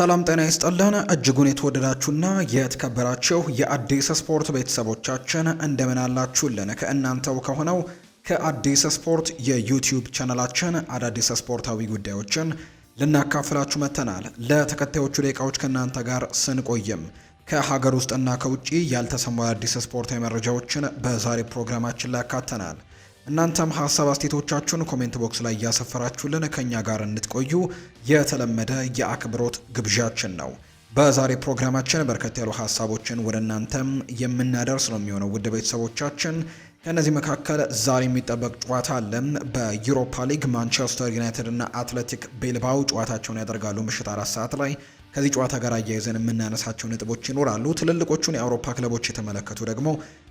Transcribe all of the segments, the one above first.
ሰላም ጤና ይስጥልን እጅጉን የተወደዳችሁና የተከበራችሁ የአዲስ ስፖርት ቤተሰቦቻችን እንደምን አላችሁልን? ከእናንተው ከሆነው ከአዲስ ስፖርት የዩቲዩብ ቻናላችን አዳዲስ ስፖርታዊ ጉዳዮችን ልናካፍላችሁ መጥተናል። ለተከታዮቹ ደቂቃዎች ከእናንተ ጋር ስንቆይም ከሀገር ውስጥና ከውጭ ያልተሰሙ አዳዲስ ስፖርታዊ መረጃዎችን በዛሬ ፕሮግራማችን ላይ ያካተናል። እናንተም ሀሳብ አስቴቶቻችሁን ኮሜንት ቦክስ ላይ እያሰፈራችሁልን ከእኛ ጋር እንድትቆዩ የተለመደ የአክብሮት ግብዣችን ነው። በዛሬ ፕሮግራማችን በርከት ያሉ ሀሳቦችን ወደ እናንተም የምናደርስ ነው የሚሆነው ውድ ቤተሰቦቻችን። ከእነዚህ መካከል ዛሬ የሚጠበቅ ጨዋታ አለ በዩሮፓ ሊግ ማንቸስተር ዩናይትድ እና አትሌቲክ ቤልባው ጨዋታቸውን ያደርጋሉ ምሽት አራት ሰዓት ላይ ከዚህ ጨዋታ ጋር አያይዘን የምናነሳቸው ነጥቦች ይኖራሉ። ትልልቆቹን የአውሮፓ ክለቦች የተመለከቱ ደግሞ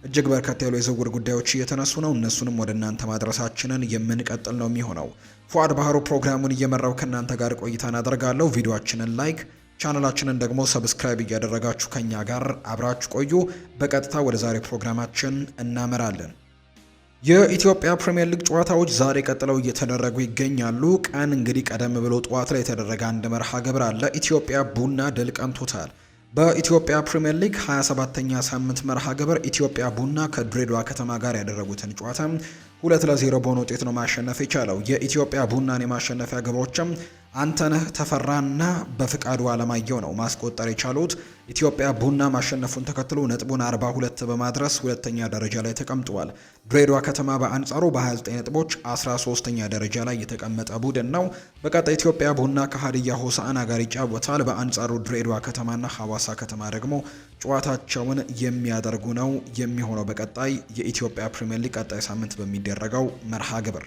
እጅግ በርከት ያሉ የዝውውር ጉዳዮች እየተነሱ ነው። እነሱንም ወደ እናንተ ማድረሳችንን የምንቀጥል ነው የሚሆነው። ፉአድ ባህሩ ፕሮግራሙን እየመራው ከእናንተ ጋር ቆይታን አደርጋለሁ። ቪዲዮችንን ላይክ ቻናላችንን ደግሞ ሰብስክራይብ እያደረጋችሁ ከኛ ጋር አብራችሁ ቆዩ። በቀጥታ ወደ ዛሬ ፕሮግራማችን እናመራለን። የኢትዮጵያ ፕሪምየር ሊግ ጨዋታዎች ዛሬ ቀጥለው እየተደረጉ ይገኛሉ። ቀን እንግዲህ ቀደም ብሎ ጠዋት ላይ የተደረገ አንድ መርሃ ግብር አለ። ኢትዮጵያ ቡና ድል ቀንቶታል። በኢትዮጵያ ፕሪምየር ሊግ 27ተኛ ሳምንት መርሃ ግብር ኢትዮጵያ ቡና ከድሬዳዋ ከተማ ጋር ያደረጉትን ጨዋታ ሁለት ለዜሮ በሆነ ውጤት ነው ማሸነፍ የቻለው። የኢትዮጵያ ቡናን የማሸነፊያ ግቦችም አንተነህ ተፈራና በፍቃዱ አለማየሁ ነው ማስቆጠር የቻሉት። ኢትዮጵያ ቡና ማሸነፉን ተከትሎ ነጥቡን 42 በማድረስ ሁለተኛ ደረጃ ላይ ተቀምጠዋል። ድሬዳዋ ከተማ በአንጻሩ በ29 ነጥቦች 13ኛ ደረጃ ላይ የተቀመጠ ቡድን ነው። በቀጣይ ኢትዮጵያ ቡና ከሀዲያ ሆሳዕና ጋር ይጫወታል። በአንጻሩ ድሬዳዋ ከተማና ሐዋሳ ከተማ ደግሞ ጨዋታቸውን የሚያደርጉ ነው የሚሆነው በቀጣይ የኢትዮጵያ ፕሪምየር ሊግ ቀጣይ ሳምንት በሚደረገው መርሃ ግብር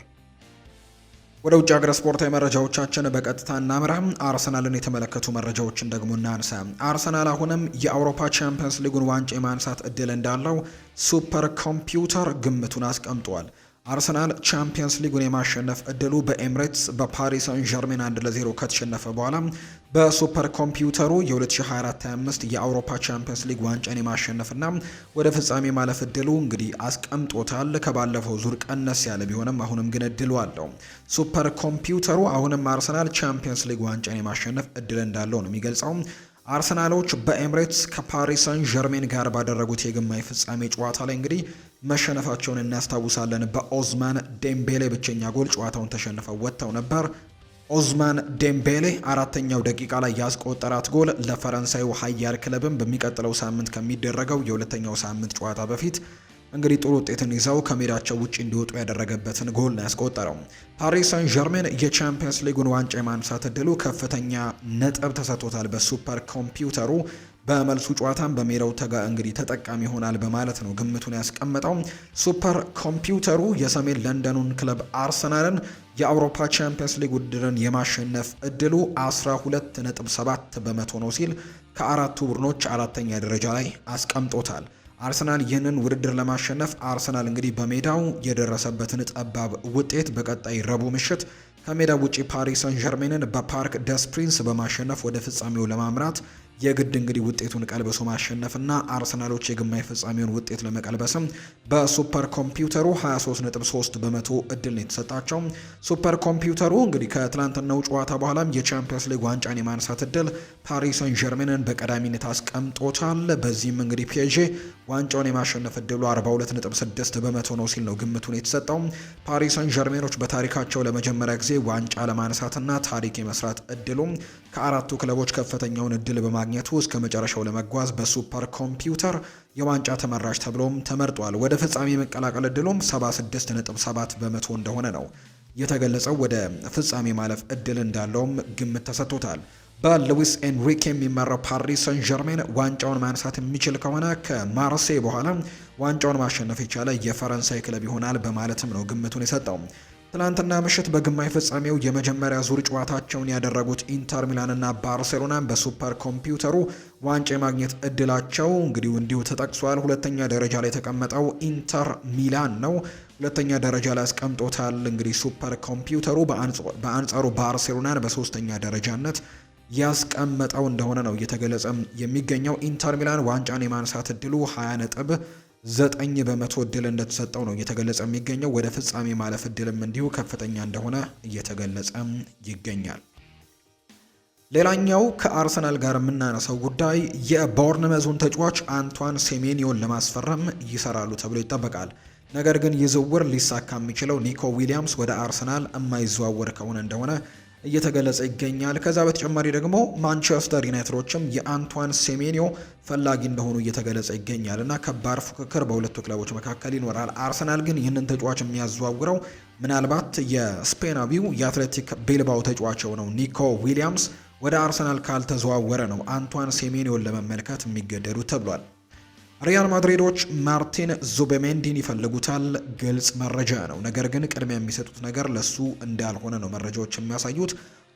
ወደ ውጭ ሀገር ስፖርታዊ መረጃዎቻችን በቀጥታ እናምራ። አርሰናልን የተመለከቱ መረጃዎችን ደግሞ እናንሳ። አርሰናል አሁንም የአውሮፓ ቻምፒየንስ ሊጉን ዋንጫ የማንሳት እድል እንዳለው ሱፐር ኮምፒውተር ግምቱን አስቀምጧል። አርሰናል ቻምፒየንስ ሊጉን የማሸነፍ እድሉ በኤምሬትስ በፓሪስ ሳን ዠርሜን አንድ ለዜሮ ከተሸነፈ በኋላ በሱፐር ኮምፒውተሩ የ2024/25 የአውሮፓ ቻምፒየንስ ሊግ ዋንጫን የማሸነፍና ወደ ፍጻሜ ማለፍ እድሉ እንግዲህ አስቀምጦታል። ከባለፈው ዙር ቀነስ ያለ ቢሆንም አሁንም ግን እድሉ አለው። ሱፐር ኮምፒውተሩ አሁንም አርሰናል ቻምፒየንስ ሊግ ዋንጫን የማሸነፍ እድል እንዳለው ነው የሚገልጸው። አርሰናሎች በኤምሬትስ ከፓሪስ ሳን ዠርሜን ጋር ባደረጉት የግማሽ ፍጻሜ ጨዋታ ላይ እንግዲህ መሸነፋቸውን እናስታውሳለን። በኦዝማን ዴምቤሌ ብቸኛ ጎል ጨዋታውን ተሸንፈው ወጥተው ነበር። ኦዝማን ዴምቤሌ አራተኛው ደቂቃ ላይ ያስቆጠራት ጎል ለፈረንሳዩ ሀያር ክለብም በሚቀጥለው ሳምንት ከሚደረገው የሁለተኛው ሳምንት ጨዋታ በፊት እንግዲህ ጥሩ ውጤትን ይዘው ከሜዳቸው ውጭ እንዲወጡ ያደረገበትን ጎል ነው ያስቆጠረው። ፓሪስ ሳን ዠርሜን የቻምፒየንስ ሊጉን ዋንጫ የማንሳት እድሉ ከፍተኛ ነጥብ ተሰጥቶታል። በሱፐር ኮምፒውተሩ በመልሱ ጨዋታም በሜዳው ተጋ እንግዲህ ተጠቃሚ ይሆናል በማለት ነው ግምቱን ያስቀመጠው። ሱፐር ኮምፒውተሩ የሰሜን ለንደኑን ክለብ አርሰናልን የአውሮፓ ቻምፒየንስ ሊግ ውድድርን የማሸነፍ እድሉ 12.7 በመቶ ነው ሲል ከአራቱ ቡድኖች አራተኛ ደረጃ ላይ አስቀምጦታል። አርሰናል ይህንን ውድድር ለማሸነፍ አርሰናል እንግዲህ በሜዳው የደረሰበትን ጠባብ ውጤት በቀጣይ ረቡዕ ምሽት ከሜዳ ውጪ ፓሪስ ሰን ጀርሜንን በፓርክ ደስ ፕሪንስ በማሸነፍ ወደ ፍጻሜው ለማምራት የግድ እንግዲህ ውጤቱን ቀልብሶ ማሸነፍና አርሰናሎች የግማሽ ፍጻሜውን ውጤት ለመቀልበስም በሱፐር ኮምፒውተሩ 23.3 በመቶ እድል ነው የተሰጣቸው። ሱፐር ኮምፒውተሩ እንግዲህ ከትላንትናው ጨዋታ በኋላም የቻምፒየንስ ሊግ ዋንጫን የማንሳት እድል ፓሪስ ሰን ዠርሜንን በቀዳሚነት አስቀምጦታል። በዚህም እንግዲህ ፒኤስዤ ዋንጫውን የማሸነፍ እድሉ 42.6 በመቶ ነው ሲል ነው ግምቱን የተሰጠው። ፓሪስ ሰን ዠርሜኖች በታሪካቸው ለመጀመሪያ ጊዜ ዋንጫ ለማንሳትና ታሪክ የመስራት እድሉም ከአራቱ ክለቦች ከፍተኛውን እድል በማ ማግኘቱ እስከ መጨረሻው ለመጓዝ በሱፐር ኮምፒውተር የዋንጫ ተመራጭ ተብሎም ተመርጧል። ወደ ፍጻሜ የመቀላቀል እድሉም 76.7 በመቶ እንደሆነ ነው የተገለጸው። ወደ ፍጻሜ ማለፍ እድል እንዳለውም ግምት ተሰጥቶታል። በሉዊስ ኤንሪኬ የሚመራው ፓሪስ ሰን ጀርሜን ዋንጫውን ማንሳት የሚችል ከሆነ ከማርሴይ በኋላ ዋንጫውን ማሸነፍ የቻለ የፈረንሳይ ክለብ ይሆናል በማለትም ነው ግምቱን የሰጠው። ትናንትና ምሽት በግማሽ ፍጻሜው የመጀመሪያ ዙር ጨዋታቸውን ያደረጉት ኢንተር ሚላንና ባርሴሎናን በሱፐር ኮምፒውተሩ ዋንጫ የማግኘት እድላቸው እንግዲህ እንዲሁ ተጠቅሷል። ሁለተኛ ደረጃ ላይ የተቀመጠው ኢንተር ሚላን ነው። ሁለተኛ ደረጃ ላይ አስቀምጦታል። እንግዲህ ሱፐር ኮምፒውተሩ በአንጻሩ ባርሴሎናን በሶስተኛ ደረጃነት ያስቀመጠው እንደሆነ ነው እየተገለጸ የሚገኘው። ኢንተር ሚላን ዋንጫን የማንሳት እድሉ 20 ነጥብ ዘጠኝ በመቶ እድል እንደተሰጠው ነው እየተገለጸ የሚገኘው። ወደ ፍጻሜ ማለፍ እድልም እንዲሁ ከፍተኛ እንደሆነ እየተገለጸ ይገኛል። ሌላኛው ከአርሰናል ጋር የምናነሳው ጉዳይ የቦርንመዙን ተጫዋች አንቷን ሴሜኒዮን ለማስፈረም ይሰራሉ ተብሎ ይጠበቃል። ነገር ግን ይህ ዝውውር ሊሳካ የሚችለው ኒኮ ዊሊያምስ ወደ አርሰናል የማይዘዋወር ከሆነ እንደሆነ እየተገለጸ ይገኛል። ከዛ በተጨማሪ ደግሞ ማንቸስተር ዩናይትዶችም የአንቷን ሴሜኒዮ ፈላጊ እንደሆኑ እየተገለጸ ይገኛል እና ከባድ ፉክክር በሁለቱ ክለቦች መካከል ይኖራል። አርሰናል ግን ይህንን ተጫዋች የሚያዘዋውረው ምናልባት የስፔናዊው የአትሌቲክ ቤልባው ተጫዋቸው ነው ኒኮ ዊሊያምስ ወደ አርሰናል ካልተዘዋወረ ነው አንቷን ሴሜኒዮን ለመመልከት የሚገደዱ ተብሏል። ሪያል ማድሪዶች ማርቲን ዙቤሜንዲን ይፈልጉታል፣ ግልጽ መረጃ ነው። ነገር ግን ቅድሚያ የሚሰጡት ነገር ለሱ እንዳልሆነ ነው መረጃዎች የሚያሳዩት።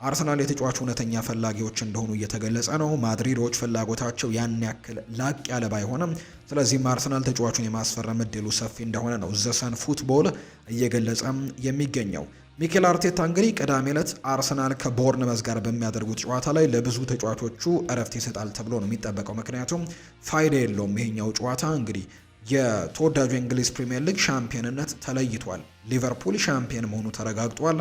አርሰናል የተጫዋቹ እውነተኛ ፈላጊዎች እንደሆኑ እየተገለጸ ነው። ማድሪዶች ፍላጎታቸው ያን ያክል ላቅ ያለ ባይሆንም፣ ስለዚህም አርሰናል ተጫዋቹን የማስፈረም እድሉ ሰፊ እንደሆነ ነው ዘሰን ፉትቦል እየገለጸም የሚገኘው። ሚኬል አርቴታ እንግዲህ ቅዳሜ ዕለት አርሰናል ከቦርንመዝ ጋር በሚያደርጉት ጨዋታ ላይ ለብዙ ተጫዋቾቹ እረፍት ይሰጣል ተብሎ ነው የሚጠበቀው። ምክንያቱም ፋይዳ የለውም ይሄኛው ጨዋታ እንግዲህ የተወዳጁ የእንግሊዝ ፕሪምየር ሊግ ሻምፒዮንነት ተለይቷል። ሊቨርፑል ሻምፒዮን መሆኑ ተረጋግጧል።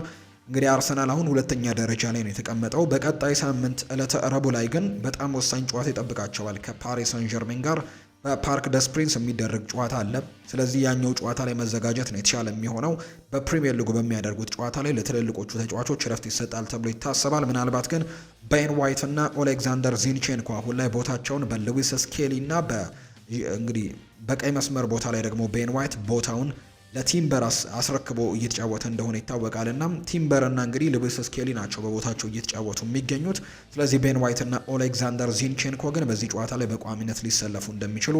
እንግዲህ አርሰናል አሁን ሁለተኛ ደረጃ ላይ ነው የተቀመጠው። በቀጣይ ሳምንት ዕለተ ረቡዕ ላይ ግን በጣም ወሳኝ ጨዋታ ይጠብቃቸዋል ከፓሪስ ሰን ጀርሜን ጋር በፓርክ ደስ ፕሪንስ የሚደረግ ጨዋታ አለ። ስለዚህ ያኛው ጨዋታ ላይ መዘጋጀት ነው የተሻለ የሚሆነው። በፕሪሚየር ሊጉ በሚያደርጉት ጨዋታ ላይ ለትልልቆቹ ተጫዋቾች ረፍት ይሰጣል ተብሎ ይታሰባል። ምናልባት ግን ቤን ዋይት እና ኦሌግዛንደር ዚንቼንኮ አሁን ላይ ቦታቸውን በሉዊስ ስኬሊ እና በእንግዲህ በቀይ መስመር ቦታ ላይ ደግሞ ቤን ዋይት ቦታውን ለቲምበር አስረክቦ እየተጫወተ እንደሆነ ይታወቃል። ና ቲምበር ና እንግዲህ ልብስ ስኬሊ ናቸው በቦታቸው እየተጫወቱ የሚገኙት። ስለዚህ ቤን ዋይት ና ኦሌግዛንደር ዚንቼንኮ ግን በዚህ ጨዋታ ላይ በቋሚነት ሊሰለፉ እንደሚችሉ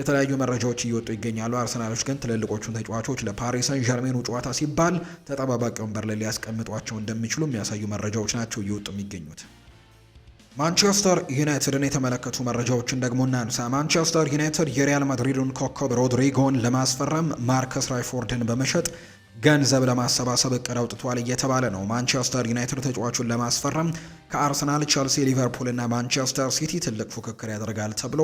የተለያዩ መረጃዎች እየወጡ ይገኛሉ። አርሰናሎች ግን ትልልቆቹን ተጫዋቾች ለፓሪሰን ጀርሜኑ ጨዋታ ሲባል ተጠባባቂ ወንበር ላይ ሊያስቀምጧቸው እንደሚችሉ የሚያሳዩ መረጃዎች ናቸው እየወጡ የሚገኙት። ማንቸስተር ዩናይትድን የተመለከቱ መረጃዎችን ደግሞ እናንሳ። ማንቸስተር ዩናይትድ የሪያል ማድሪዱን ኮከብ ሮድሪጎን ለማስፈረም ማርከስ ራይፎርድን በመሸጥ ገንዘብ ለማሰባሰብ እቅድ አውጥቷል እየተባለ ነው። ማንቸስተር ዩናይትድ ተጫዋቹን ለማስፈረም ከአርሰናል፣ ቸልሲ፣ ሊቨርፑል እና ማንቸስተር ሲቲ ትልቅ ፉክክር ያደርጋል ተብሎ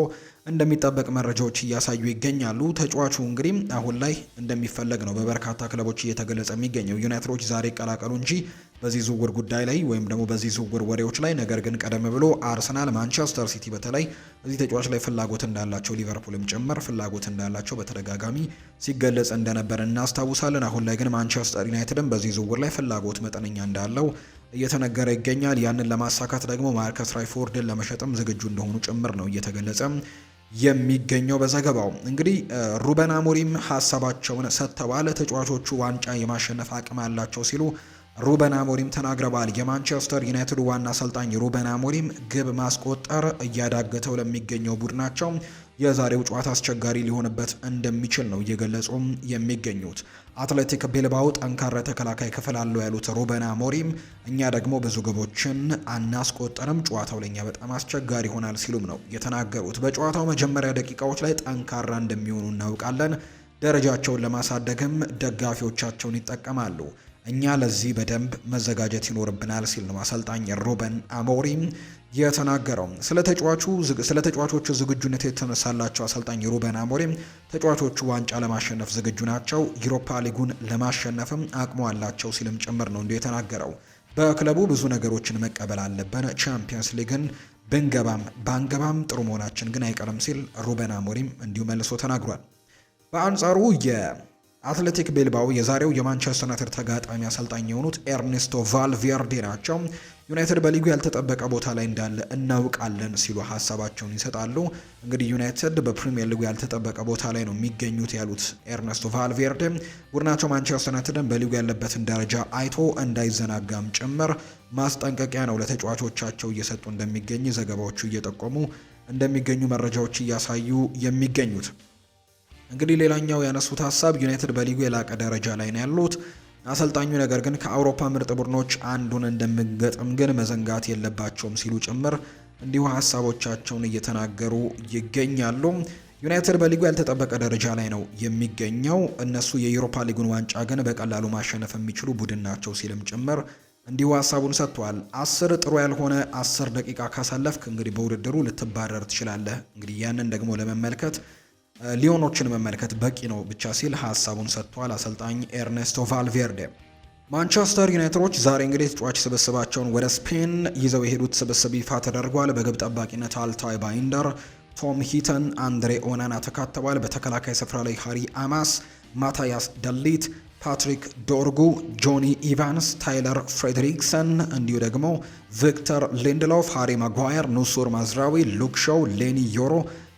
እንደሚጠበቅ መረጃዎች እያሳዩ ይገኛሉ። ተጫዋቹ እንግዲህ አሁን ላይ እንደሚፈለግ ነው በበርካታ ክለቦች እየተገለጸ የሚገኘው። ዩናይትዶች ዛሬ ይቀላቀሉ እንጂ በዚህ ዝውውር ጉዳይ ላይ ወይም ደግሞ በዚህ ዝውውር ወሬዎች ላይ። ነገር ግን ቀደም ብሎ አርሰናል፣ ማንቸስተር ሲቲ በተለይ እዚህ ተጫዋች ላይ ፍላጎት እንዳላቸው፣ ሊቨርፑልም ጭምር ፍላጎት እንዳላቸው በተደጋጋሚ ሲገለጽ እንደነበር እናስታውሳለን። አሁን ላይ ግን ማንቸስተር ዩናይትድም በዚህ ዝውውር ላይ ፍላጎት መጠነኛ እንዳለው እየተነገረ ይገኛል። ያንን ለማሳካት ደግሞ ማርከስ ራይፎርድን ለመሸጥም ዝግጁ እንደሆኑ ጭምር ነው እየተገለጸ የሚገኘው በዘገባው እንግዲህ ሩበን አሞሪም ሀሳባቸውን ሰጥተዋል። ተጫዋቾቹ ዋንጫ የማሸነፍ አቅም አላቸው ሲሉ ሩበን አሞሪም ተናግረዋል። የማንቸስተር ዩናይትድ ዋና አሰልጣኝ ሩበን አሞሪም ግብ ማስቆጠር እያዳገተው ለሚገኘው ቡድናቸው የዛሬው ጨዋታ አስቸጋሪ ሊሆንበት እንደሚችል ነው እየገለጹም የሚገኙት። አትሌቲክ ቢልባው ጠንካራ ተከላካይ ክፍል አለው ያሉት ሩበን አሞሪም እኛ ደግሞ ብዙ ግቦችን አናስቆጠርም፣ ጨዋታው ለእኛ በጣም አስቸጋሪ ይሆናል ሲሉም ነው የተናገሩት። በጨዋታው መጀመሪያ ደቂቃዎች ላይ ጠንካራ እንደሚሆኑ እናውቃለን። ደረጃቸውን ለማሳደግም ደጋፊዎቻቸውን ይጠቀማሉ እኛ ለዚህ በደንብ መዘጋጀት ይኖርብናል ሲል ነው አሰልጣኝ ሩበን አሞሪም የተናገረው። ስለ ተጫዋቹ ስለ ተጫዋቾቹ ዝግጁነት የተነሳላቸው አሰልጣኝ ሩበን አሞሪም ተጫዋቾቹ ዋንጫ ለማሸነፍ ዝግጁ ናቸው፣ ዩሮፓ ሊጉን ለማሸነፍም አቅሙ አላቸው ሲልም ጭምር ነው እንዲሁ የተናገረው። በክለቡ ብዙ ነገሮችን መቀበል አለብን። ቻምፒየንስ ሊግን ብንገባም ባንገባም ጥሩ መሆናችን ግን አይቀርም ሲል ሩበን አሞሪም እንዲሁ መልሶ ተናግሯል። በአንጻሩ የ አትሌቲክ ቤልባው የዛሬው የማንቸስተር ዩናይትድ ተጋጣሚ አሰልጣኝ የሆኑት ኤርኔስቶ ቫልቬርዴ ናቸው። ዩናይትድ በሊጉ ያልተጠበቀ ቦታ ላይ እንዳለ እናውቃለን ሲሉ ሀሳባቸውን ይሰጣሉ። እንግዲህ ዩናይትድ በፕሪምየር ሊጉ ያልተጠበቀ ቦታ ላይ ነው የሚገኙት ያሉት ኤርኔስቶ ቫልቬርዴ ቡድናቸው ማንቸስተር ዩናይትድን በሊጉ ያለበትን ደረጃ አይቶ እንዳይዘናጋም ጭምር ማስጠንቀቂያ ነው ለተጫዋቾቻቸው እየሰጡ እንደሚገኝ ዘገባዎቹ እየጠቆሙ እንደሚገኙ መረጃዎች እያሳዩ የሚገኙት እንግዲህ ሌላኛው ያነሱት ሀሳብ ዩናይትድ በሊጉ የላቀ ደረጃ ላይ ነው ያሉት አሰልጣኙ ነገር ግን ከአውሮፓ ምርጥ ቡድኖች አንዱን እንደምገጥም ግን መዘንጋት የለባቸውም ሲሉ ጭምር እንዲሁ ሀሳቦቻቸውን እየተናገሩ ይገኛሉ። ዩናይትድ በሊጉ ያልተጠበቀ ደረጃ ላይ ነው የሚገኘው። እነሱ የዩሮፓ ሊጉን ዋንጫ ግን በቀላሉ ማሸነፍ የሚችሉ ቡድን ናቸው ሲልም ጭምር እንዲሁ ሀሳቡን ሰጥቷል። አስር ጥሩ ያልሆነ አስር ደቂቃ ካሳለፍክ እንግዲህ በውድድሩ ልትባረር ትችላለህ። እንግዲህ ያንን ደግሞ ለመመልከት ሊዮኖችን መመልከት በቂ ነው ብቻ ሲል ሀሳቡን ሰጥቷል አሰልጣኝ ኤርኔስቶ ቫልቬርዴ። ማንቸስተር ዩናይትዶች ዛሬ እንግዲህ ተጫዋች ስብስባቸውን ወደ ስፔን ይዘው የሄዱት ስብስብ ይፋ ተደርጓል። በግብ ጠባቂነት አልታይ ባይንደር፣ ቶም ሂተን፣ አንድሬ ኦናና ተካተዋል። በተከላካይ ስፍራ ላይ ሃሪ አማስ፣ ማታያስ ደሊት፣ ፓትሪክ ዶርጉ፣ ጆኒ ኢቫንስ፣ ታይለር ፍሬድሪክሰን እንዲሁ ደግሞ ቪክተር ሊንድሎፍ፣ ሃሪ ማጓየር፣ ኑሱር ማዝራዊ፣ ሉክ ሾው፣ ሌኒ ዮሮ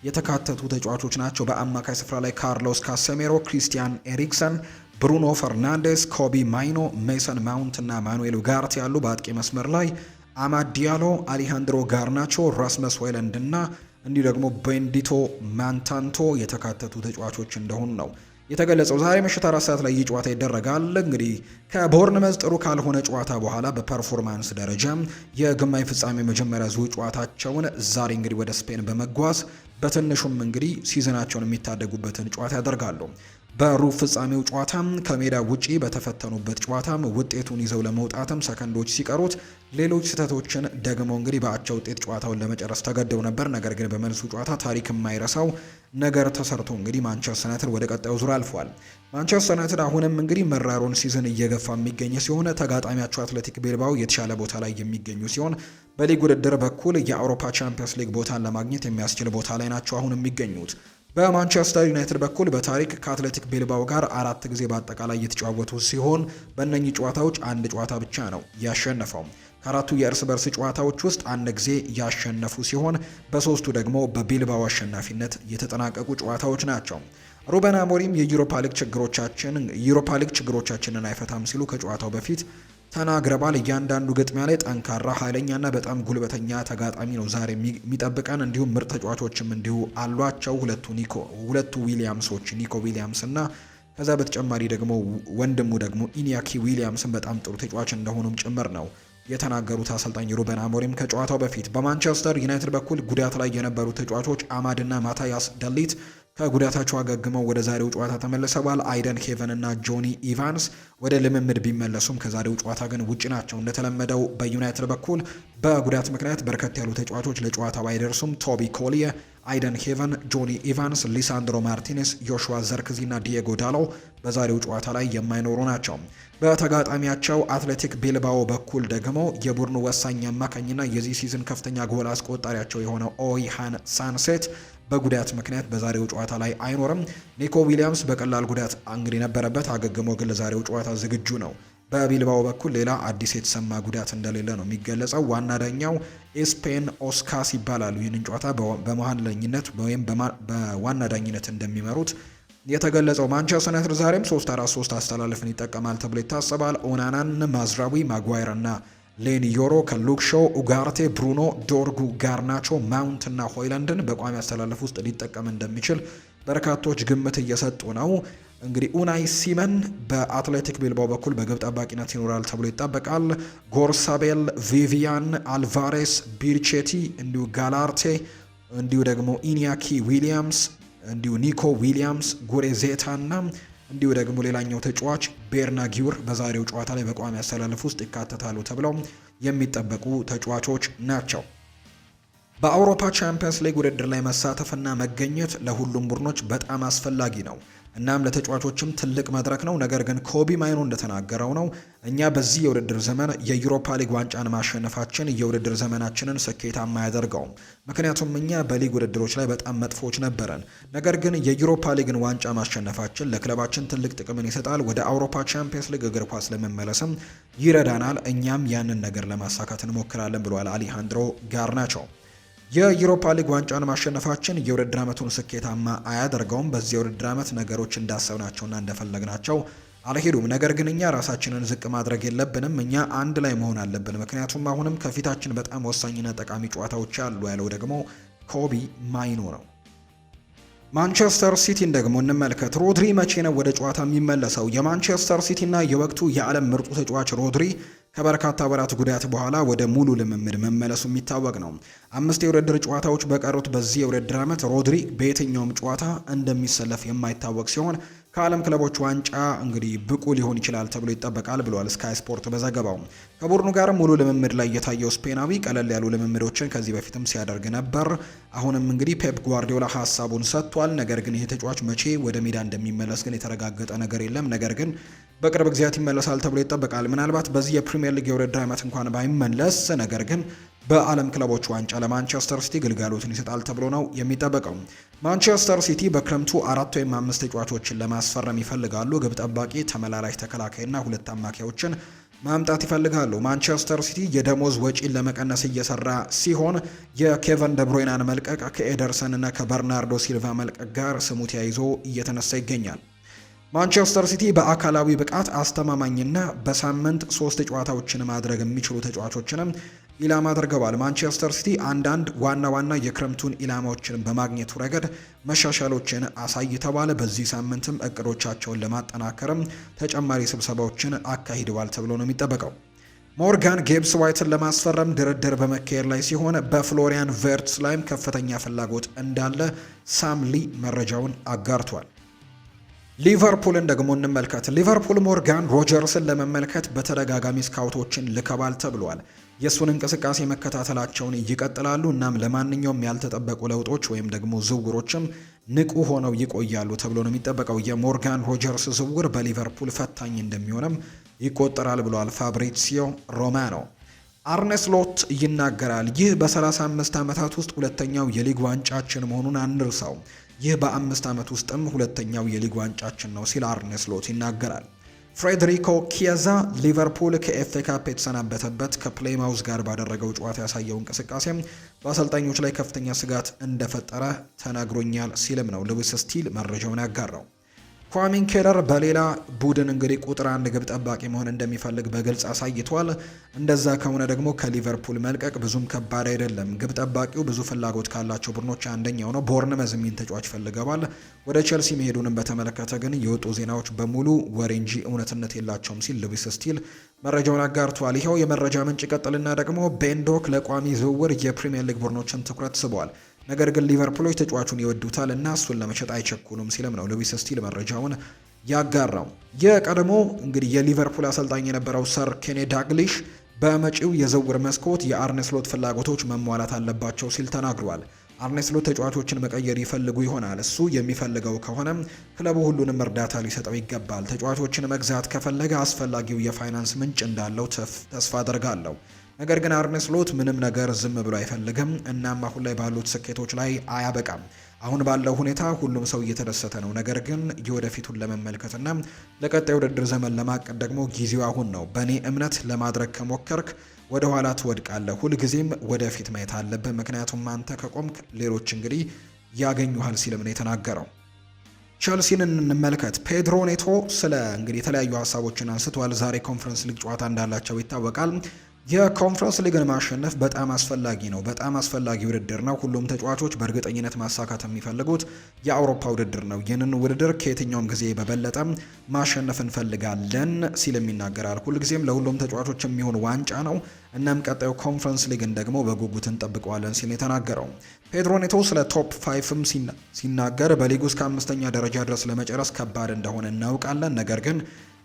የተካተቱ ተጫዋቾች ናቸው። በአማካይ ስፍራ ላይ ካርሎስ ካሴሜሮ፣ ክሪስቲያን ኤሪክሰን፣ ብሩኖ ፈርናንዴስ፣ ኮቢ ማይኖ፣ ሜሰን ማውንት እና ማኑኤል ጋርት ያሉ በአጥቂ መስመር ላይ አማድ ዲያሎ፣ አሊሃንድሮ ጋርናቾ፣ ራስመስ ሆይለንድ እና እንዲሁ ደግሞ ቤንዲቶ ማንታንቶ የተካተቱ ተጫዋቾች እንደሆኑ ነው የተገለጸው። ዛሬ ምሽት አራት ሰዓት ላይ ይህ ጨዋታ ይደረጋል። እንግዲህ ከቦርንመዝ ጥሩ ካልሆነ ጨዋታ በኋላ በፐርፎርማንስ ደረጃ የግማኝ ፍጻሜ መጀመሪያ ዙር ጨዋታቸውን ዛሬ እንግዲህ ወደ ስፔን በመጓዝ በትንሹም እንግዲህ ሲዝናቸውን የሚታደጉበትን ጨዋታ ያደርጋሉ። በሩብ ፍጻሜው ጨዋታ ከሜዳ ውጪ በተፈተኑበት ጨዋታ ውጤቱን ይዘው ለመውጣትም ሰከንዶች ሲቀሩት ሌሎች ስህተቶችን ደግሞ እንግዲህ በአቻ ውጤት ጨዋታውን ለመጨረስ ተገደው ነበር። ነገር ግን በመልሱ ጨዋታ ታሪክ የማይረሳው ነገር ተሰርቶ እንግዲህ ማንቸስተር ዩናይትድ ወደ ቀጣዩ ዙር አልፏል። ማንቸስተር ዩናይትድ አሁንም እንግዲህ መራሩን ሲዝን እየገፋ የሚገኝ ሲሆን ተጋጣሚያቸው አትሌቲክ ቤልባው የተሻለ ቦታ ላይ የሚገኙ ሲሆን በሊግ ውድድር በኩል የአውሮፓ ቻምፒየንስ ሊግ ቦታን ለማግኘት የሚያስችል ቦታ ላይ ናቸው አሁን የሚገኙት። በማንቸስተር ዩናይትድ በኩል በታሪክ ከአትሌቲክ ቤልባው ጋር አራት ጊዜ በአጠቃላይ የተጫወቱ ሲሆን በእነኚህ ጨዋታዎች አንድ ጨዋታ ብቻ ነው ያሸነፈው። ከአራቱ የእርስ በርስ ጨዋታዎች ውስጥ አንድ ጊዜ ያሸነፉ ሲሆን በሶስቱ ደግሞ በቢልባው አሸናፊነት የተጠናቀቁ ጨዋታዎች ናቸው። ሩበን አሞሪም የዩሮፓ ሊግ ችግሮቻችን ዩሮፓ ሊግ ችግሮቻችንን አይፈታም ሲሉ ከጨዋታው በፊት ተናግረባል። እያንዳንዱ ግጥሚያ ላይ ጠንካራ ኃይለኛና በጣም ጉልበተኛ ተጋጣሚ ነው ዛሬ የሚጠብቀን። እንዲሁም ምርጥ ተጫዋቾችም እንዲሁ አሏቸው ሁለቱ ኒኮ ሁለቱ ዊሊያምሶች ኒኮ ዊሊያምስ እና ከዛ በተጨማሪ ደግሞ ወንድሙ ደግሞ ኢኒያኪ ዊሊያምስን በጣም ጥሩ ተጫዋች እንደሆኑም ጭምር ነው የተናገሩት አሰልጣኝ ሩበን አሞሪም ከጨዋታው በፊት። በማንቸስተር ዩናይትድ በኩል ጉዳት ላይ የነበሩ ተጫዋቾች አማድና ማታያስ ደሊት ከጉዳታቸው አገግመው ወደ ዛሬው ጨዋታ ተመልሰዋል። አይደን ሄቨን እና ጆኒ ኢቫንስ ወደ ልምምድ ቢመለሱም ከዛሬው ጨዋታ ግን ውጭ ናቸው። እንደተለመደው በዩናይትድ በኩል በጉዳት ምክንያት በርከት ያሉ ተጫዋቾች ለጨዋታው አይደርሱም። ቶቢ ኮሊየ፣ አይደን ሄቨን፣ ጆኒ ኢቫንስ፣ ሊሳንድሮ ማርቲኔስ፣ ዮሹዋ ዘርክዚ እና ዲየጎ ዳሎ በዛሬው ጨዋታ ላይ የማይኖሩ ናቸው። በተጋጣሚያቸው አትሌቲክ ቢልባኦ በኩል ደግሞ የቡድኑ ወሳኝ አማካኝና የዚህ ሲዝን ከፍተኛ ጎል አስቆጣሪያቸው የሆነው ኦይሃን ሳንሴት በጉዳት ምክንያት በዛሬው ጨዋታ ላይ አይኖርም። ኒኮ ዊሊያምስ በቀላል ጉዳት እንግዲህ ነበረበት፣ አገግሞ ግን ለዛሬው ጨዋታ ዝግጁ ነው። በቢልባው በኩል ሌላ አዲስ የተሰማ ጉዳት እንደሌለ ነው የሚገለጸው። ዋና ዳኛው ኤስፔን ኦስካስ ይባላሉ። ይህንን ጨዋታ በመሀል ዳኝነት ወይም በዋና ዳኝነት እንደሚመሩት የተገለጸው ማንቸስተር ዩናይትድ ዛሬም 343 አስተላለፍን ይጠቀማል ተብሎ ይታሰባል። ኦናናን፣ ማዝራዊ፣ ማጓይር እና ሌን ዮሮ ከሉክሾ፣ ኡጋርቴ፣ ብሩኖ፣ ዶርጉ፣ ጋርናቾ፣ ማውንት እና ሆይላንድን በቋሚ አሰላለፍ ውስጥ ሊጠቀም እንደሚችል በርካቶች ግምት እየሰጡ ነው። እንግዲህ ኡናይ ሲመን በአትሌቲክ ቢልባው በኩል በግብ ጠባቂነት ይኖራል ተብሎ ይጠበቃል። ጎርሳቤል፣ ቪቪያን አልቫሬስ፣ ቢርቼቲ እንዲሁ ጋላርቴ እንዲሁ ደግሞ ኢኒያኪ ዊሊያምስ እንዲሁ ኒኮ ዊሊያምስ ጉሬዜታ እና እንዲሁ ደግሞ ሌላኛው ተጫዋች ቤርና በዛሬው ጨዋታ ላይ በቋሚ አሰላለፍ ውስጥ ይካተታሉ ተብለው የሚጠበቁ ተጫዋቾች ናቸው። በአውሮፓ ቻምፒየንስ ሊግ ውድድር ላይ መሳተፍና መገኘት ለሁሉም ቡድኖች በጣም አስፈላጊ ነው። እናም ለተጫዋቾችም ትልቅ መድረክ ነው። ነገር ግን ኮቢ ማይኖ እንደተናገረው ነው እኛ በዚህ የውድድር ዘመን የዩሮፓ ሊግ ዋንጫን ማሸነፋችን የውድድር ዘመናችንን ስኬታማ አያደርገውም፣ ምክንያቱም እኛ በሊግ ውድድሮች ላይ በጣም መጥፎች ነበረን። ነገር ግን የዩሮፓ ሊግን ዋንጫ ማሸነፋችን ለክለባችን ትልቅ ጥቅምን ይሰጣል። ወደ አውሮፓ ቻምፒየንስ ሊግ እግር ኳስ ለመመለስም ይረዳናል። እኛም ያንን ነገር ለማሳካት እንሞክራለን ብሏል አሊሃንድሮ ጋርናቾ። የዩሮፓ ሊግ ዋንጫን ማሸነፋችን የውድድር ዓመቱን ስኬታማ አያደርገውም። በዚህ የውድድር ዓመት ነገሮች እንዳሰብናቸውና እንደፈለግናቸው አልሄዱም። ነገር ግን እኛ ራሳችንን ዝቅ ማድረግ የለብንም። እኛ አንድ ላይ መሆን አለብን። ምክንያቱም አሁንም ከፊታችን በጣም ወሳኝና ጠቃሚ ጨዋታዎች አሉ ያለው ደግሞ ኮቢ ማይኖ ነው። ማንቸስተር ሲቲን ደግሞ እንመልከት። ሮድሪ መቼ ነው ወደ ጨዋታ የሚመለሰው? የማንቸስተር ሲቲና የወቅቱ የዓለም ምርጡ ተጫዋች ሮድሪ ከበርካታ ወራት ጉዳት በኋላ ወደ ሙሉ ልምምድ መመለሱ የሚታወቅ ነው። አምስት የውድድር ጨዋታዎች በቀሩት በዚህ የውድድር ዓመት ሮድሪ በየትኛውም ጨዋታ እንደሚሰለፍ የማይታወቅ ሲሆን ከዓለም ክለቦች ዋንጫ እንግዲህ ብቁ ሊሆን ይችላል ተብሎ ይጠበቃል ብሏል ስካይ ስፖርት በዘገባው። ከቡድኑ ጋር ሙሉ ልምምድ ላይ የታየው ስፔናዊ ቀለል ያሉ ልምምዶችን ከዚህ በፊትም ሲያደርግ ነበር። አሁንም እንግዲህ ፔፕ ጓርዲዮላ ሀሳቡን ሰጥቷል። ነገር ግን ይህ ተጫዋች መቼ ወደ ሜዳ እንደሚመለስ ግን የተረጋገጠ ነገር የለም። ነገር ግን በቅርብ ጊዜያት ይመለሳል ተብሎ ይጠበቃል። ምናልባት በዚህ የፕሪምየር ሊግ የውድድር ዓመት እንኳን ባይመለስ ነገር ግን በዓለም ክለቦች ዋንጫ ለማንቸስተር ሲቲ ግልጋሎትን ይሰጣል ተብሎ ነው የሚጠበቀው። ማንቸስተር ሲቲ በክረምቱ አራት ወይም አምስት ተጫዋቾችን ለማስፈረም ይፈልጋሉ። ግብ ጠባቂ፣ ተመላላሽ ተከላካይና ሁለት አማካዮችን ማምጣት ይፈልጋሉ። ማንቸስተር ሲቲ የደሞዝ ወጪን ለመቀነስ እየሰራ ሲሆን የኬቨን ደብሮይናን መልቀቅ ከኤደርሰንና ከበርናርዶ ሲልቫ መልቀቅ ጋር ስሙ ተያይዞ እየተነሳ ይገኛል። ማንቸስተር ሲቲ በአካላዊ ብቃት አስተማማኝና በሳምንት ሶስት ጨዋታዎችን ማድረግ የሚችሉ ተጫዋቾችንም ኢላማ አድርገዋል። ማንቸስተር ሲቲ አንዳንድ ዋና ዋና የክረምቱን ኢላማዎችን በማግኘቱ ረገድ መሻሻሎችን አሳይተዋል። በዚህ ሳምንትም እቅዶቻቸውን ለማጠናከርም ተጨማሪ ስብሰባዎችን አካሂደዋል ተብሎ ነው የሚጠበቀው። ሞርጋን ጌብስ ዋይትን ለማስፈረም ድርድር በመካሄድ ላይ ሲሆን በፍሎሪያን ቨርትስ ላይም ከፍተኛ ፍላጎት እንዳለ ሳምሊ መረጃውን አጋርቷል። ሊቨርፑልን ደግሞ እንመልከት። ሊቨርፑል ሞርጋን ሮጀርስን ለመመልከት በተደጋጋሚ ስካውቶችን ልከባል ተብሏል። የእሱን እንቅስቃሴ መከታተላቸውን ይቀጥላሉ። እናም ለማንኛውም ያልተጠበቁ ለውጦች ወይም ደግሞ ዝውውሮችም ንቁ ሆነው ይቆያሉ ተብሎ ነው የሚጠበቀው። የሞርጋን ሮጀርስ ዝውውር በሊቨርፑል ፈታኝ እንደሚሆንም ይቆጠራል ብለዋል ፋብሪሲዮ ሮማኖ። ሎት ይናገራል። ይህ በ35 ዓመታት ውስጥ ሁለተኛው የሊግ ዋንጫችን መሆኑን አንርሳው። ይህ በአምስት ዓመት ውስጥም ሁለተኛው የሊግ ዋንጫችን ነው ሲል ሎት ይናገራል። ፍሬድሪኮ ኪያዛ ሊቨርፑል ከኤፍቴ ካፕ የተሰናበተበት ከፕሌማውዝ ጋር ባደረገው ጨዋታ ያሳየው እንቅስቃሴ በአሰልጣኞች ላይ ከፍተኛ ስጋት እንደፈጠረ ተናግሮኛል ሲልም ነው ልዊስ ስቲል መረጃውን ያጋራው። ኳሚን ኬለር በሌላ ቡድን እንግዲህ ቁጥር አንድ ግብ ጠባቂ መሆን እንደሚፈልግ በግልጽ አሳይቷል። እንደዛ ከሆነ ደግሞ ከሊቨርፑል መልቀቅ ብዙም ከባድ አይደለም። ግብ ጠባቂው ብዙ ፍላጎት ካላቸው ቡድኖች አንደኛው ነው። ቦርንመዝ የሚን ተጫዋች ፈልገዋል። ወደ ቼልሲ መሄዱንም በተመለከተ ግን የወጡ ዜናዎች በሙሉ ወሬ እንጂ እውነትነት የላቸውም ሲል ልዊስ ስቲል መረጃውን አጋርቷል። ይኸው የመረጃ ምንጭ ቀጥልና ደግሞ ቤንዶክ ለቋሚ ዝውውር የፕሪምየር ሊግ ቡድኖችን ትኩረት ስቧል። ነገር ግን ሊቨርፑሎች ተጫዋቹን ይወዱታል እና እሱን ለመሸጥ አይቸኩሉም ሲልም ነው ሉዊስ ስቲል መረጃውን ያጋራው። የቀድሞ እንግዲህ የሊቨርፑል አሰልጣኝ የነበረው ሰር ኬኔ ዳግሊሽ በመጪው የዝውውር መስኮት የአርኔስሎት ፍላጎቶች መሟላት አለባቸው ሲል ተናግሯል። አርኔስሎት ተጫዋቾችን መቀየር ይፈልጉ ይሆናል። እሱ የሚፈልገው ከሆነም ክለቡ ሁሉንም እርዳታ ሊሰጠው ይገባል። ተጫዋቾችን መግዛት ከፈለገ አስፈላጊው የፋይናንስ ምንጭ እንዳለው ተስፋ አድርጋለሁ። ነገር ግን አርነ ስሎት ምንም ነገር ዝም ብሎ አይፈልግም። እናም አሁን ላይ ባሉት ስኬቶች ላይ አያበቃም። አሁን ባለው ሁኔታ ሁሉም ሰው እየተደሰተ ነው። ነገር ግን የወደፊቱን ለመመልከትና ለቀጣይ ውድድር ዘመን ለማቀድ ደግሞ ጊዜው አሁን ነው። በእኔ እምነት ለማድረግ ከሞከርክ ወደ ኋላ ትወድቃለህ። ሁልጊዜም ወደፊት ማየት አለብህ፣ ምክንያቱም አንተ ከቆምክ ሌሎች እንግዲህ ያገኙሃል ሲልም ነው የተናገረው። ቸልሲን እንመልከት። ፔድሮ ኔቶ ስለ እንግዲህ የተለያዩ ሀሳቦችን አንስተዋል። ዛሬ ኮንፈረንስ ሊግ ጨዋታ እንዳላቸው ይታወቃል። የኮንፈረንስ ሊግን ማሸነፍ በጣም አስፈላጊ ነው። በጣም አስፈላጊ ውድድር ነው። ሁሉም ተጫዋቾች በእርግጠኝነት ማሳካት የሚፈልጉት የአውሮፓ ውድድር ነው። ይህንን ውድድር ከየትኛውም ጊዜ በበለጠ ማሸነፍ እንፈልጋለን ሲልም ይናገራል። ሁልጊዜም ለሁሉም ተጫዋቾች የሚሆን ዋንጫ ነው። እናም ቀጣዩ ኮንፈረንስ ሊግን ደግሞ በጉጉት እንጠብቀዋለን ሲል የተናገረው ፔድሮ ኔቶ ስለ ቶፕ ፋይፍም ሲናገር በሊግ ውስጥ ከአምስተኛ ደረጃ ድረስ ለመጨረስ ከባድ እንደሆነ እናውቃለን ነገር ግን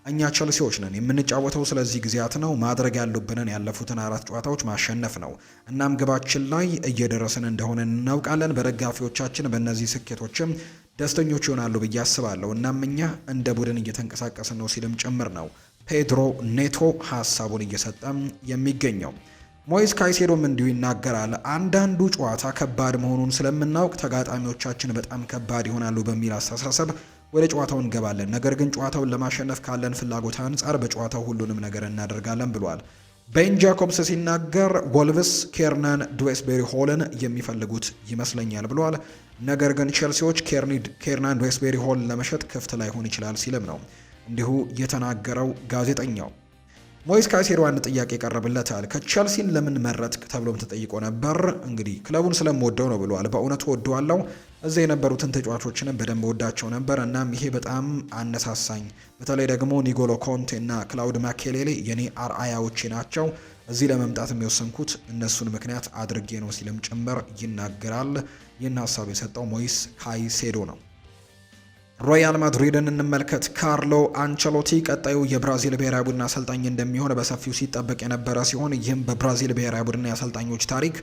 እኛ ቸልሲዎች ነን የምንጫወተው ስለዚህ ጊዜያት ነው። ማድረግ ያሉብንን ያለፉትን አራት ጨዋታዎች ማሸነፍ ነው። እናም ግባችን ላይ እየደረስን እንደሆነ እናውቃለን። በደጋፊዎቻችን በእነዚህ ስኬቶችም ደስተኞች ይሆናሉ ብዬ አስባለሁ። እናም እኛ እንደ ቡድን እየተንቀሳቀስን ነው ሲልም ጭምር ነው ፔድሮ ኔቶ ሀሳቡን እየሰጠም የሚገኘው። ሞይስ ካይሴዶም እንዲሁ ይናገራል። አንዳንዱ ጨዋታ ከባድ መሆኑን ስለምናውቅ ተጋጣሚዎቻችን በጣም ከባድ ይሆናሉ በሚል አስተሳሰብ ወደ ጨዋታው እንገባለን። ነገር ግን ጨዋታውን ለማሸነፍ ካለን ፍላጎት አንጻር በጨዋታው ሁሉንም ነገር እናደርጋለን ብሏል። ቤን ጃኮብስ ሲናገር ወልቭስ ኬርናን ድዌስቤሪ ሆልን የሚፈልጉት ይመስለኛል ብሏል። ነገር ግን ቼልሲዎች ኬርናን ድዌስቤሪ ሆል ለመሸጥ ክፍት ላይሆን ይችላል ሲልም ነው እንዲሁ የተናገረው ጋዜጠኛው። ሞይስ ካይሴዶ አንድ ጥያቄ ይቀርብለታል ከቸልሲን ለምን መረጥክ ተብሎም ተጠይቆ ነበር። እንግዲህ ክለቡን ስለምወደው ነው ብለዋል። በእውነቱ ወደዋለው። እዚያ የነበሩትን ተጫዋቾችንም በደንብ ወዳቸው ነበር። እናም ይሄ በጣም አነሳሳኝ። በተለይ ደግሞ ኒጎሎ ኮንቴ እና ክላውድ ማኬሌሌ የኔ አርአያዎቼ ናቸው። እዚህ ለመምጣት የሚወሰንኩት እነሱን ምክንያት አድርጌ ነው ሲልም ጭምር ይናገራል። ይህን ሀሳብ የሰጠው ሞይስ ካይሴዶ ነው። ሮያል ማድሪድን እንመልከት። ካርሎ አንቸሎቲ ቀጣዩ የብራዚል ብሔራዊ ቡድን አሰልጣኝ እንደሚሆን በሰፊው ሲጠበቅ የነበረ ሲሆን ይህም በብራዚል ብሔራዊ ቡድን የአሰልጣኞች ታሪክ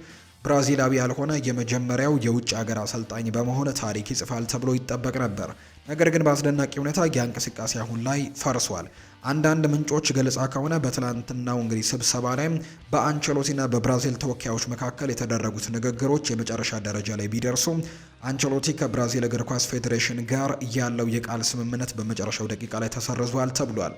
ብራዚላዊ ያልሆነ የመጀመሪያው የውጭ ሀገር አሰልጣኝ በመሆን ታሪክ ይጽፋል ተብሎ ይጠበቅ ነበር። ነገር ግን በአስደናቂ ሁኔታ ያ እንቅስቃሴ አሁን ላይ ፈርሷል። አንዳንድ ምንጮች ገለጻ ከሆነ በትላንትናው እንግዲህ ስብሰባ ላይ በአንቸሎቲና በብራዚል ተወካዮች መካከል የተደረጉት ንግግሮች የመጨረሻ ደረጃ ላይ ቢደርሱ አንቸሎቲ ከብራዚል እግር ኳስ ፌዴሬሽን ጋር ያለው የቃል ስምምነት በመጨረሻው ደቂቃ ላይ ተሰርዟል ተብሏል።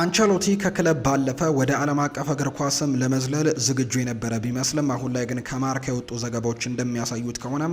አንቸሎቲ ከክለብ ባለፈ ወደ ዓለም አቀፍ እግር ኳስም ለመዝለል ዝግጁ የነበረ ቢመስልም አሁን ላይ ግን ከማርካ የወጡ ዘገባዎች እንደሚያሳዩት ከሆነ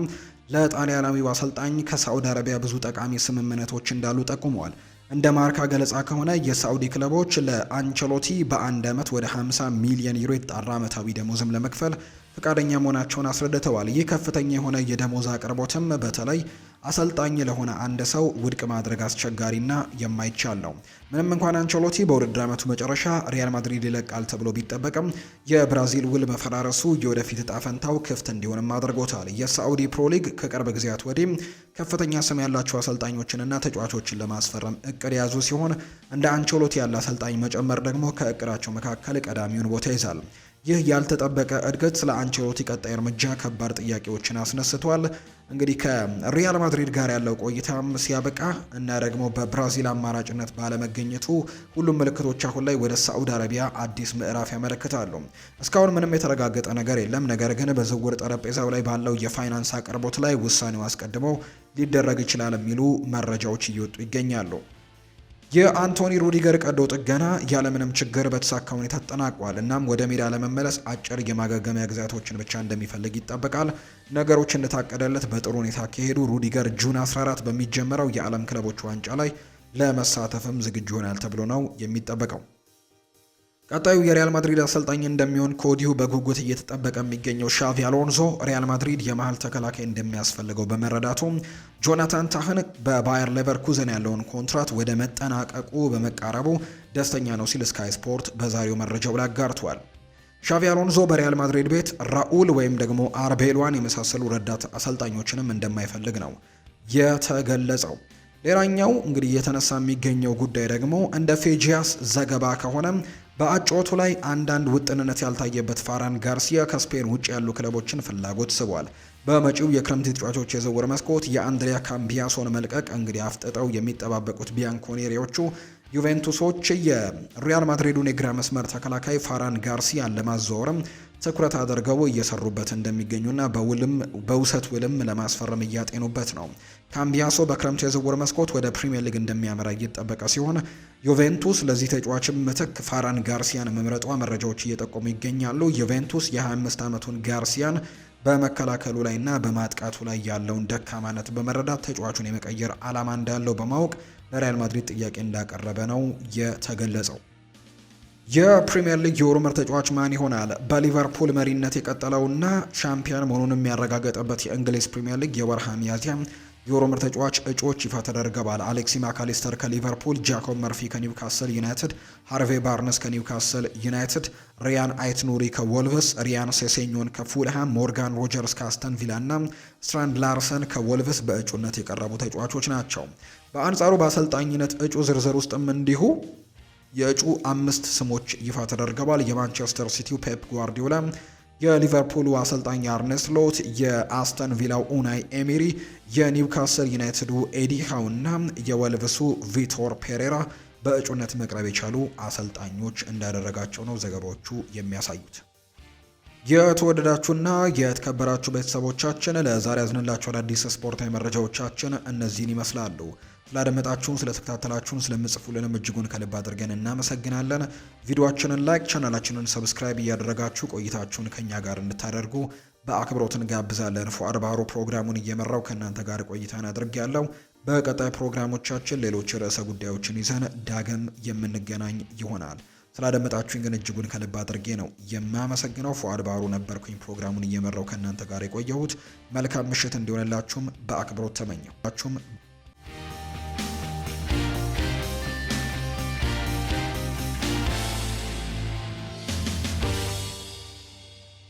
ለጣሊያናዊው አሰልጣኝ ከሳዑዲ አረቢያ ብዙ ጠቃሚ ስምምነቶች እንዳሉ ጠቁመዋል። እንደ ማርካ ገለጻ ከሆነ የሳዑዲ ክለቦች ለአንቸሎቲ በአንድ ዓመት ወደ 50 ሚሊዮን ዩሮ የተጣራ ዓመታዊ ደሞዝም ለመክፈል ፈቃደኛ መሆናቸውን አስረድተዋል። ይህ ከፍተኛ የሆነ የደሞዝ አቅርቦትም በተለይ አሰልጣኝ ለሆነ አንድ ሰው ውድቅ ማድረግ አስቸጋሪና የማይቻል ነው። ምንም እንኳን አንቸሎቲ በውድድር ዓመቱ መጨረሻ ሪያል ማድሪድ ይለቃል ተብሎ ቢጠበቅም የብራዚል ውል መፈራረሱ የወደፊት እጣ ፈንታው ክፍት እንዲሆንም አድርጎታል። የሳዑዲ ፕሮሊግ ከቅርብ ጊዜያት ወዲህ ከፍተኛ ስም ያላቸው አሰልጣኞችንና ተጫዋቾችን ለማስፈረም እቅድ የያዙ ሲሆን እንደ አንቸሎቲ ያለ አሰልጣኝ መጨመር ደግሞ ከእቅዳቸው መካከል ቀዳሚውን ቦታ ይዛል። ይህ ያልተጠበቀ እድገት ስለ አንቸሎቲ ቀጣይ እርምጃ ከባድ ጥያቄዎችን አስነስቷል። እንግዲህ ከሪያል ማድሪድ ጋር ያለው ቆይታም ሲያበቃ እና ደግሞ በብራዚል አማራጭነት ባለመገኘቱ ሁሉም ምልክቶች አሁን ላይ ወደ ሳዑዲ አረቢያ አዲስ ምዕራፍ ያመለክታሉ። እስካሁን ምንም የተረጋገጠ ነገር የለም። ነገር ግን በዝውውር ጠረጴዛው ላይ ባለው የፋይናንስ አቅርቦት ላይ ውሳኔው አስቀድመው ሊደረግ ይችላል የሚሉ መረጃዎች እየወጡ ይገኛሉ። የአንቶኒ ሩዲገር ቀዶ ጥገና ያለምንም ችግር በተሳካ ሁኔታ ተጠናቋል። እናም ወደ ሜዳ ለመመለስ አጭር የማገገሚያ ጊዜያቶችን ብቻ እንደሚፈልግ ይጠበቃል። ነገሮች እንደታቀደለት በጥሩ ሁኔታ ከሄዱ ሩዲገር ጁን 14 በሚጀመረው የዓለም ክለቦች ዋንጫ ላይ ለመሳተፍም ዝግጁ ይሆናል ተብሎ ነው የሚጠበቀው። ቀጣዩ የሪያል ማድሪድ አሰልጣኝ እንደሚሆን ከወዲሁ በጉጉት እየተጠበቀ የሚገኘው ሻቪ አሎንሶ ሪያል ማድሪድ የመሀል ተከላካይ እንደሚያስፈልገው በመረዳቱ ጆናታን ታህን በባየር ሌቨርኩዘን ያለውን ኮንትራት ወደ መጠናቀቁ በመቃረቡ ደስተኛ ነው ሲል ስካይ ስፖርት በዛሬው መረጃው ላይ አጋርቷል። ሻቪ አሎንሶ በሪያል ማድሪድ ቤት ራኡል ወይም ደግሞ አርቤሏን የመሳሰሉ ረዳት አሰልጣኞችንም እንደማይፈልግ ነው የተገለጸው። ሌላኛው እንግዲህ እየተነሳ የሚገኘው ጉዳይ ደግሞ እንደ ፌጂያስ ዘገባ ከሆነ በአጮቱ ላይ አንዳንድ ውጥንነት ያልታየበት ፋራን ጋርሲያ ከስፔን ውጭ ያሉ ክለቦችን ፍላጎት ስቧል። በመጪው የክረምት ተጫዋቾች የዝውውር መስኮት የአንድሪያ ካምቢያሶን መልቀቅ እንግዲህ አፍጥጠው የሚጠባበቁት ቢያንኮኔሪዎቹ ዩቬንቱሶች የሪያል ማድሪዱን የግራ መስመር ተከላካይ ፋራን ጋርሲያን ለማዛወርም ትኩረት አድርገው እየሰሩበት እንደሚገኙና በውልም በውሰት ውልም ለማስፈረም እያጤኑበት ነው። ካምቢያሶ በክረምቱ የዝውውር መስኮት ወደ ፕሪምየር ሊግ እንደሚያመራ እየጠበቀ ሲሆን ዩቬንቱስ ለዚህ ተጫዋችም ምትክ ፋራን ጋርሲያን መምረጧ መረጃዎች እየጠቆሙ ይገኛሉ። ዩቬንቱስ የ25 ዓመቱን ጋርሲያን በመከላከሉ ላይና በማጥቃቱ ላይ ያለውን ደካማነት በመረዳት ተጫዋቹን የመቀየር ዓላማ እንዳለው በማወቅ ለሪያል ማድሪድ ጥያቄ እንዳቀረበ ነው የተገለጸው። የፕሪምየር ሊግ የወሩ ምርጥ ተጫዋች ማን ይሆናል? በሊቨርፑል መሪነት የቀጠለውና ሻምፒዮን መሆኑን የሚያረጋገጠበት የእንግሊዝ ፕሪምየር ሊግ የወርሃ ሚያዝያ የወሩ ምርጥ ተጫዋች እጩዎች ይፋ ተደርገዋል። አሌክሲ ማካሊስተር ከሊቨርፑል፣ ጃኮብ መርፊ ከኒውካስል ዩናይትድ፣ ሃርቬ ባርነስ ከኒውካስል ዩናይትድ፣ ሪያን አይትኑሪ ከወልቭስ፣ ሪያን ሴሴኞን ከፉልሃም፣ ሞርጋን ሮጀርስ ከአስተን ቪላ እና ስትራንድ ላርሰን ከወልቭስ በእጩነት የቀረቡ ተጫዋቾች ናቸው። በአንጻሩ በአሰልጣኝነት እጩ ዝርዝር ውስጥም እንዲሁ የእጩ አምስት ስሞች ይፋ ተደርገዋል። የማንቸስተር ሲቲው ፔፕ ጓርዲዮላ የሊቨርፑሉ አሰልጣኝ አርነ ስሎት፣ የአስተን ቪላው ኡናይ ኤሚሪ፣ የኒውካስል ዩናይትዱ ኤዲ ሃው እና የወልቭሱ ቪቶር ፔሬራ በእጩነት መቅረብ የቻሉ አሰልጣኞች እንዳደረጋቸው ነው ዘገባዎቹ የሚያሳዩት። የተወደዳችሁና የተከበራችሁ ቤተሰቦቻችን ለዛሬ ያዝንላችሁ አዳዲስ ስፖርታዊ መረጃዎቻችን እነዚህን ይመስላሉ። ስላደመጣችሁን፣ ስለተከታተላችሁን፣ ስለምጽፉልንም እጅጉን ከልብ አድርገን እናመሰግናለን። ቪዲዮችንን ላይክ፣ ቻናላችንን ሰብስክራይብ እያደረጋችሁ ቆይታችሁን ከእኛ ጋር እንድታደርጉ በአክብሮትን ጋብዛለን። ፉአድ ባህሩ ፕሮግራሙን እየመራው ከእናንተ ጋር ቆይታን አድርግ ያለው በቀጣይ ፕሮግራሞቻችን ሌሎች ርዕሰ ጉዳዮችን ይዘን ዳግም የምንገናኝ ይሆናል። ስላደመጣችሁኝ ግን እጅጉን ከልብ አድርጌ ነው የማመሰግነው። ፉአድ ባህሩ ነበርኩኝ ፕሮግራሙን እየመራው ከእናንተ ጋር የቆየሁት። መልካም ምሽት እንዲሆንላችሁም በአክብሮት ተመኘሁላችሁም።